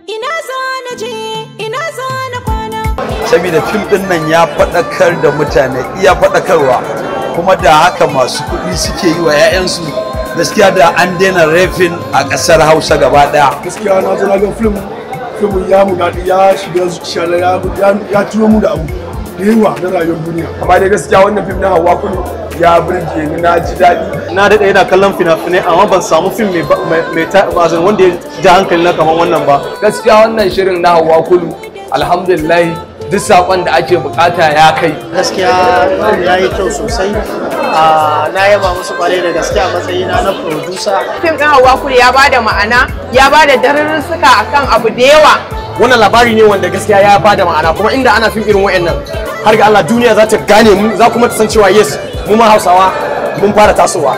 Ina za na je, ina za na kwana. Saboda fim ɗin nan ya faɗakar da mutane iya faɗakarwa kuma da haka masu kuɗi suke yi wa 'ya'yansu gaskiya da an daina rafin a ƙasar Hausa gaba ɗaya. Gaskiya na zo na ga fim fim ya mu daɗi ya shiga zuciya ya tuno mu da abu da yawa na rayuwar duniya. Amma dai gaskiya wannan fim na Hauwa kullum ya burge ni na ji daɗi na daɗa yana kallon fina-finai amma ban samu fim mai mai ta'azin wanda ya ji hankali na kamar wannan ba gaskiya wannan shirin na hawa kulu alhamdulillah duk saƙon da ake bukata ya kai gaskiya ya yi kyau sosai ah, na yaba musu kwarai da gaskiya matsayi matsayina na producer fim ɗin hawa kulu ya bada ma'ana ya bada suka akan abu da yawa wannan labari ne wanda gaskiya ya bada ma'ana kuma inda ana fim irin wa'annan har ga Allah duniya za ta gane mu za kuma ta san cewa yes 你们好少啊！你们把了打死啊。